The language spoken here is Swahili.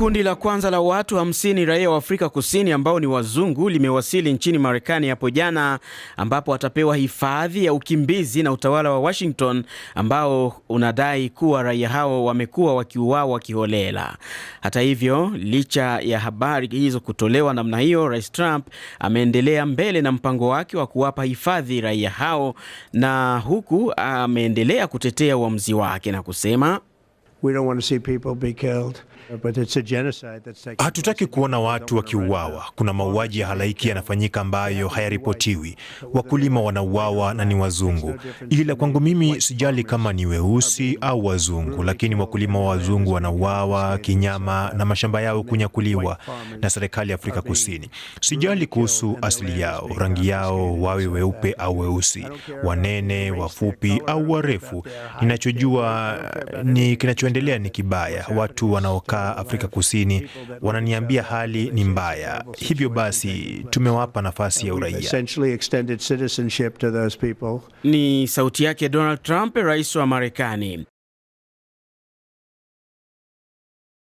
Kundi la kwanza la watu 50 raia wa Afrika Kusini ambao ni wazungu limewasili nchini Marekani hapo jana, ambapo watapewa hifadhi ya ukimbizi na utawala wa Washington ambao unadai kuwa raia hao wamekuwa wakiuawa kiholela. Hata hivyo, licha ya habari hizo kutolewa namna hiyo, Rais Trump ameendelea mbele na mpango wake wa kuwapa hifadhi raia hao, na huku ameendelea kutetea uamuzi wake na kusema Hatutaki kuona watu wakiuawa. Kuna mauaji ya halaiki yanafanyika ambayo hayaripotiwi. Wakulima wanauawa na ni wazungu, ila kwangu mimi sijali kama ni weusi au wazungu, lakini wakulima wa wazungu wanauawa kinyama na mashamba yao kunyakuliwa na serikali ya Afrika Kusini. Sijali kuhusu asili yao, rangi yao, wawe weupe au weusi, wanene, wafupi au warefu. Ninachojua ni kinachoendelea kinachoendelea ni kibaya. Watu wanaokaa Afrika Kusini wananiambia hali ni mbaya, hivyo basi tumewapa nafasi ya uraia. Ni sauti yake Donald Trump, rais wa Marekani.